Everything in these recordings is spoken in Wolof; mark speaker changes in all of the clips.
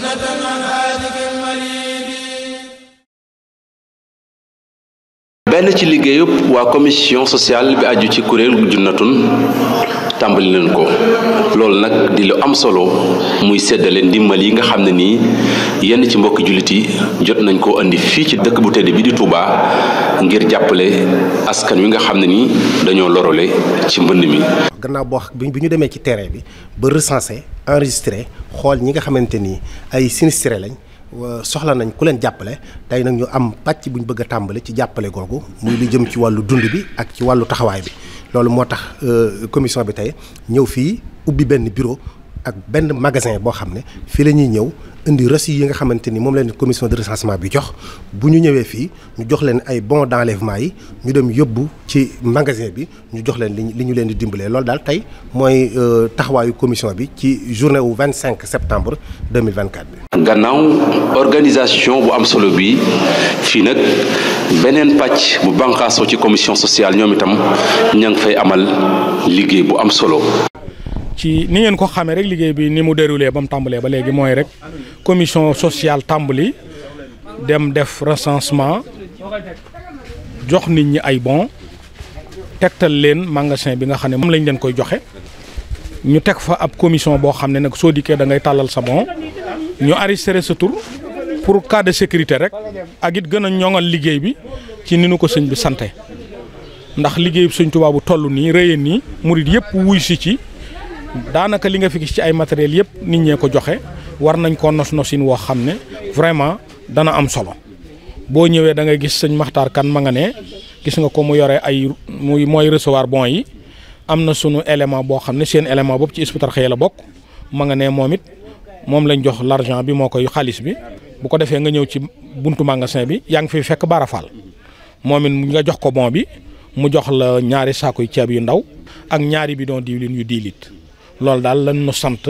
Speaker 1: sunnatan benn ci liggéeyub waa commission sociale bi aju ci kuréel junnatun tàmbali leen ko loolu nag di lu am solo muy séddale ndimbal yi nga xam ne nii yenn ci mbokki jullit yi jot nañ koo indi fii ci dëkk bu tedd bi di Touba ngir jàppale askan wi nga xam ne nii dañoo lorole ci mbënn mi.
Speaker 2: gannaaw boo bi ñu demee ci terrain bi ba recensé enregistré xool ñi nga xamante ni ay sinistré lañ. Euh, soxla nañ ku leen jàppale tey nag ñu am pàcc bu ñu bëgg a tàmbali ci jàppale googu muy lu jëm ci wàllu dund bi ak ci wàllu taxawaay bi loolu moo tax euh, commission bi tey ñëw fii ubbi benn bureau ak benn magasin boo xam ne fii la ñuy ñëw indi reçu yi nga xamante ni moom leen commission de recensement bi jox bu ñu ñëwee fii ñu jox leen ay bons d'enlèvement yi ñu dem yóbbu ci magasin bi ñu jox leen li ñu leen di dimbalee loolu daal tey mooy euh, taxawaayu commission bi ci journée wu 25 septembre 2024
Speaker 1: bi. gannaaw organisation bu am solo bi fii nag beneen pàcc bu bànqaasoo ci commission sociale ñoom itam ña ngi fay amal liggéey bu am solo.
Speaker 3: ci ni ngeen ko xamee rek liggéey bi ni mu déroulé ba mu tàmbalee ba léegi mooy rek commission sociale tàmbali dem def recensement jox nit ñi ay bon tegtal leen magasin bi nga xam ne moom lañ leen koy joxe ñu teg fa ab commission boo xam ne nag soo dikkee da ngay tàllal sa bon ñu enregistré sa tur pour cas de sécurité rek ak it gën a ñoŋal liggéey bi ci ni ñu ko sëñ bi sante ndax liggéey bi Sëñ Tuubaa toll nii rëyeen nii murit yëpp wuy si ci daanaka li nga fi gis ci ay matériels yëpp nit ñee ko joxe war nañ koo nos nosin woo xam ne vraiment dana am solo boo ñëwee da ngay gis sëñ Maxtaar kan ma nga ne gis nga ko mu yore ay muy mooy recevoir bon yi am na sunu élément boo xam ne seen élément boobu ci Hizbut-Tarqiyyah la bokk ma nga ne moom it moom lañ jox l'argent bi moo koy xaalis bi bu ko defee nga ñëw ci buntu magasin bi yaa ngi fiy fekk barafal moom it nga jox ko bon bi mu jox la ñaari saako yu ceeb yu ndaw ak ñaari bidon diwlin yu 10 litres loolu daal lan nu sant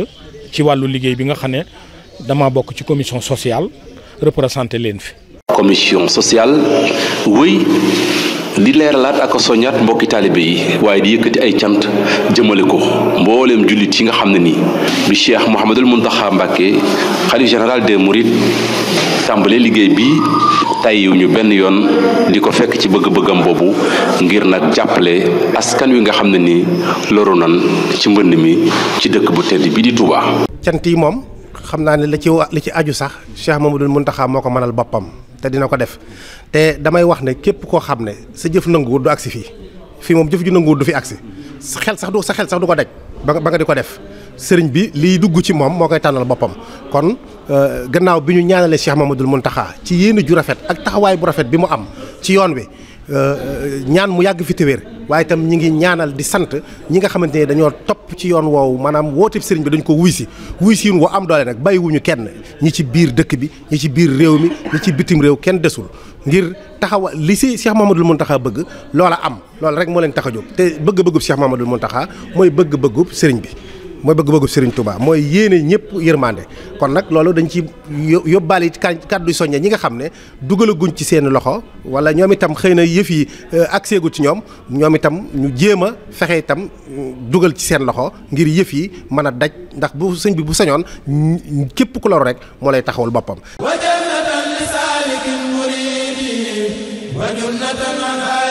Speaker 3: ci wàllu liggéey bi nga xam ne dama bokk ci commission sociale représenté leen fi.
Speaker 1: commission sociale wëy di leeralaat ak soñaat mbokki taalibe yi waaye di yëkkati ay cant jëmale ko mbooleem jullit yi nga xam ne nii bi Cheikh Mouhamadul Mountakha Mbacké xalif général des Mourides. tàmbale liggéey bi tàyyiwuñu benn yoon di ko fekk ci bëgg-bëggam boobu ngir nag jàppale askan wi nga xam ne nii loru nan ci mbënn mi ci dëkk bu tedd bii di Touba.
Speaker 2: cant yi moom xam naa ne la ci wa li ci aju sax Cheikh Mamadou xam moo ko mënal boppam te dina ko def te damay wax ne képp koo xam ne sa jëf nanguwul du agsi fii fii moom jëf ju nanguwul du fi agsi sa xel sax du sa xel sax du ko daj. ba nga di ko def sëriñ bi liy dugg ci moom moo koy tànnal boppam kon euh, gannaaw bi ñu ñaanalee Cheikh Mamadul taxaa ci yéen ju rafet ak taxawaay bu rafet bi mu am ci yoon wi euh, euh, ñaan mu yàgg fi te wér waaye itam ñi ngi ñaanal di sant ñi nga xamante ne dañoo topp ci yoon woowu maanaam woote sëriñ bi dañ ko wuy si wuy si woo am doole nag bàyyiwuñu kenn ñi ci biir dëkk bi ñi ci biir réew mi ñi ci bitim réew kenn desul ngir taxawa li si Cheikh mun Muntaxa bëgg loola am loolu rek moo leen tax a jóg te bëgg-bëggub Cheikh Mamadou Mountakha mooy bëgg-bëggub sëriñ bi mooy bëgg-bëggub sëriñ Touba mooy yéene ñëpp yërmande kon nag loolu dañ ci yóbbaale kàddu soññe ñi nga xam ne dugalaguñ ci seen loxo wala ñoom itam xëy na yëf yi euh, ak ci ñoom ñoom itam ñu jéem a fexe itam mm, dugal ci seen loxo ngir yëf yi mën a daj ndax bu sëñ bi bu sañoon mm, képp ku loru rek moo lay taxawul boppam.
Speaker 1: wa jannatan li saalikin muridi wa jannatan